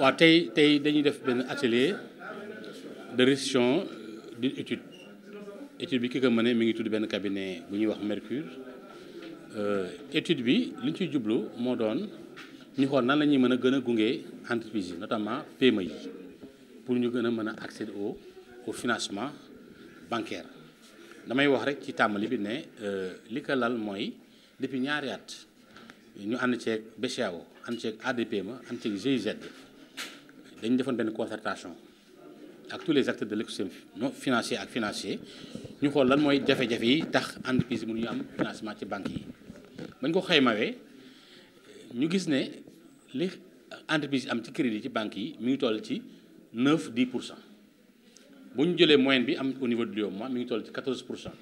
waaw tey tey dañuy def benn atelier de restitution étude étude bi ki ko mënee mi ngi tudd benn cabinet bu ñuy wax Mercure euh, étude bi li ñu ciy jublu moo doon ñu xool nan lañuy mën a gën a gunge entreprise yi notamment PME yi pour ñu gën a mën a accéder au financement bancaire damay wax rek ci tàmbali bi ne euh, li ko lal mooy. depuis ñaari at ñu ànd ceeg BCEAO ànd ceeg ADPMA ànd ceeg GIZ dañu defoon benn concertation ak tous les acteurs de l'écosystème non financier ak financier ñu xool lan mooy jafe-jafe yi tax entreprise yi ñu am financement ci banque yi bañ ko xaymawee ñu gis ne li entreprise am ci crédit ci banque yi mi ngi toll ci 9 10 pour cent bu ñu jëlee moyenne bi am au niveau de l'UEMOA mi ngi toll ci 14 pour cent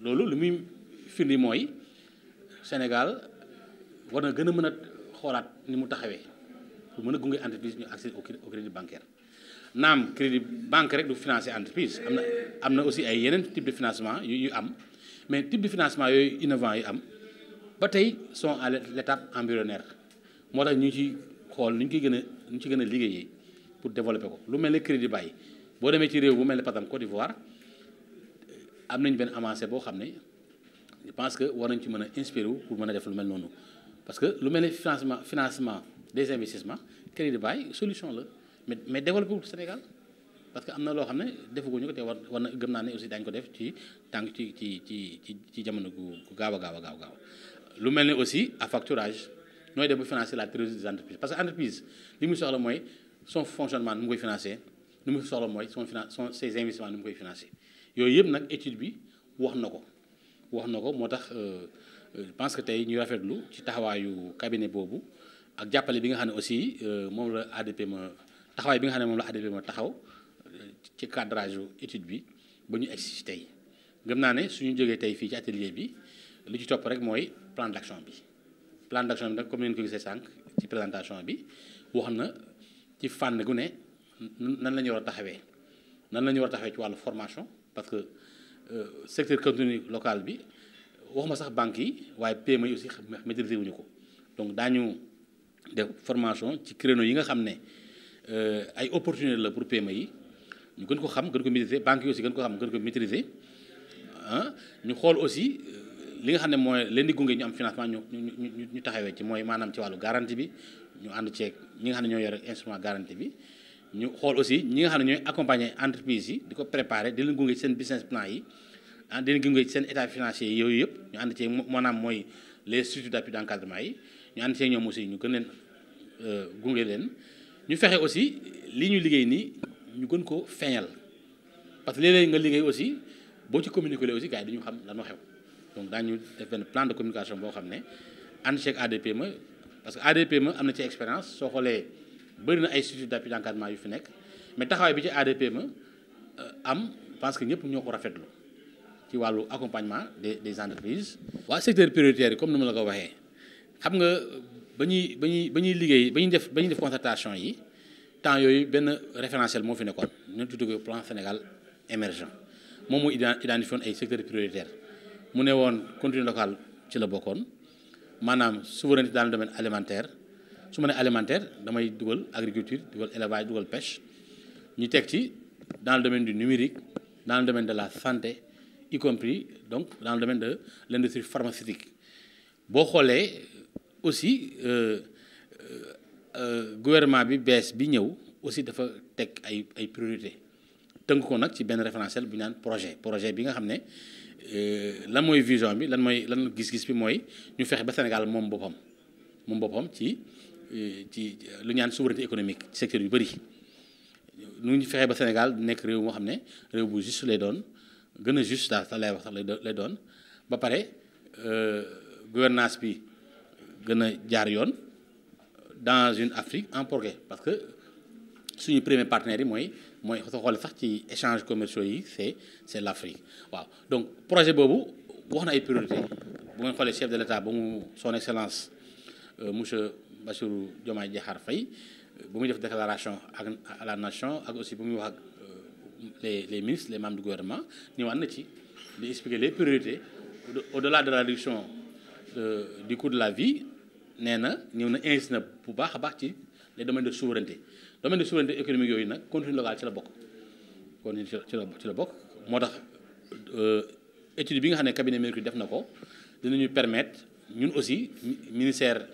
loolu lu muy firndi mooy Sénégal war na gën a mën a xoolaat ni mu taxawee pour mën a gunge entreprise ñu accès au crédit bancaire naam crédit banque rek du financer entreprise am na am na aussi ay yeneen type de financement yu yu am mais type de financement yooyu innovant yu am ba tey sont à l'étape embryonnaire moo tax ñu ci xool nu ñu koy gën a ñu ci gën a liggéeyee pour développer ko lu mel ni crédit bàyyi boo demee ci réew bu mel ne par exemple Côte d'Ivoire am nañ benn avancée boo xam ne je pense que war nañ ci mën a inspiré pour mën a def lu mel noonu parce que lu mel ne financement des investissements crédit de bail solution la mais mais développé wul Sénégal parce que am na loo xam ne defaguñu ko te war war na gëm naa ne aussi daañu ko def ci tànk ci ci ci ci ci jamono gu gaaw a gaaw a gaaw lu mel ne aussi à facturage nooy def bu financer la trésorerie des entreprises parce que entreprise li muy soxla mooy son fonctionnement nu mu koy financer nu mu soxla mooy son finan son ses investissements nu mu koy financer yooyu yëpp nag étude bi wax na ko. wax na ko moo tax euh, euh, je pense que tey ñu rafetlu ci taxawaayu cabinet boobu ak jàppale bi nga xam ne aussi euh, moom la ADP ma taxawaay bi nga xam ne moom la ADP ma taxaw ci cadrage étude bi ba ñu egsi tey gëm naa ne suñu jógee tey fii ci atelier bi lu ci topp rek mooy plan d'action bi plan d'action bi nag comme ni ngeen sànq ci présentation bi wax na ci fànn gu ne nan la war a taxawee nan la ñu war a taxawee ci wàllu formation parce Euh, secteur contenu local bi waxuma sax banque yi waaye PME yi aussi maîtriser wuñu ko donc daañu de formation ci créneau yi nga xam ne euh, ay opportunité la pour PME yi ñu gën ko xam gën ko maîtriser banques yi ko xam gën ko maîtriser ah ñu xool aussi euh, li nga xam ne mooy leen di gunge ñu am financement ñu ñu ñu taxawee ci mooy maanaam ci wàllu garantie bi ñu ànd ceeg ñi nga xam ne ñoo yore instrument garantie bi ñu xool aussi ñi nga xam ne ñooy accompagner entreprise yi di ko préparer di leen gunge ci seen business plan yi ah, di leen gunge ci seen état financier yooyu yëpp ñu ànd ci maanaam mooy les structures d'appui d'encadrement yi ñu ànd ci ñoom aussi ñu gën leen euh, leen ñu fexe aussi li ñu liggéey nii ñu gën ko feeñal parce que léeg-léeg nga liggéey aussi boo ci communiquer aussi gars yi ñu xam lan moo xew donc daañu def benn plan de communication boo xam ne ànd ceeg ADPME parce que ADPME am na ci expérience soo xoolee. bëri na ay structure d'appui d'encadrement yu fi nekk mais taxawaay bi ci ma euh, am parce que ñëpp ñoo ko rafetlu ci wàllu accompagnement des des entreprises. waa secteur prioritaire yi comme ni ma la ko waxee xam nga ba ñuy ba ñuy ba ñuy liggéey ba ñuy def ba def concertation yi temps yooyu benn référentiel moo fi nekkoon ñu tuddee ko plan Sénégal émergent moom moo identifié woon ay secteurs prioritaires mu ne woon contenu local ci la bokkoon maanaam souveraineté dans le domaine su ma nee alimentaire damay dugal agriculture dugal élevage dugal pêche ñu teg ci dans le domaine du numérique dans le domaine de la santé y compris donc dans le domaine de l'industrie pharmaceutique boo xoolee aussi euh, euh, euh gouvernement bi bees bi ñëw aussi dafa teg ay ay priorité tënk ko nag ci benn référentiel bu ñaan projet projet bi nga xam ne euh, lan mooy vision bi lan mooy lan gis-gis bi mooy ñu fexe ba Sénégal moom boppam moom boppam ci Euh, ci euh, lu ñaan souveraineté économique ci secteur yu bëri nu ñu fexee ba Sénégal nekk réew moo xam ne réew bu juste lay doon gën a juste daal sax lay wax sax lay doon ba pare euh, gouvernance bi gën a jaar yoon dans une Afrique en progrès parce que suñu premier partenaire yi mooy mooy soo xoolee sax ci échanges commerciaux yi c'est c'est l'Afrique waaw donc projet boobu wax na ay priorité bu ngeen xoolee chef de l'État ba mu son excellence monsieur Bassirou Diomaye Diakhar Faye euh, bu muy def déclaration ak à la nation ak aussi bu muy wax ak euh, les les ministres les membres du gouvernement ñëwaat na ci di expliquer les priorités au-delà de la réduction du coût de la vie nee na ñëw na insiste na bu baax a baax ci les domaines de souveraineté domaine de souveraineté économique yooyu nag contenu local ci la bokk contenu ci la la bokk moo tax euh, étude bi nga xam ne cabinet Mercure def na ko dinañu permettre ñun aussi ministère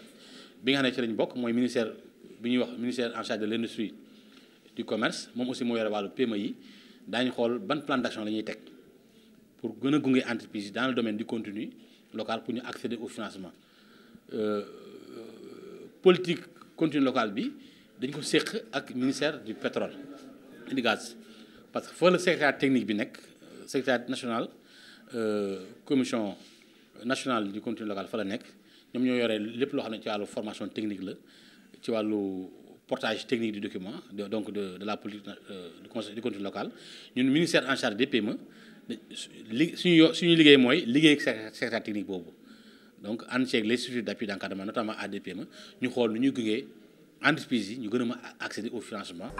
bi nga xam ne ci lañ bokk mooy ministère bi ñuy wax ministère en charge de l' industrie du commerce moom aussi moo yore wàllu PME yi daañu xool ban plan d' action la ñuy teg pour gën a gunge entreprise yi dans le domaine du contenu local pour ñu accéder au financement euh, politique contenu local bi dañ ko séq ak ministère du pétrole et parce que fa la secrétaire technique bi nekk secrétaire national euh, commission nationale du contenu local fa la nekk ñoom ñoo yore lépp loo xam ne ci wàllu formation technique la ci wàllu portage technique du document donc de de la politique euh, du conseil du contenu local ñun ministère en charge des PME li suñu suñu liggéey mooy liggéey secrétaire technique boobu donc en ànd ceeg les structures d'appui d'encadrement notamment ADPME ñu xool nu ñuy gungee entreprise yi ñu gën ma mën accéder au financement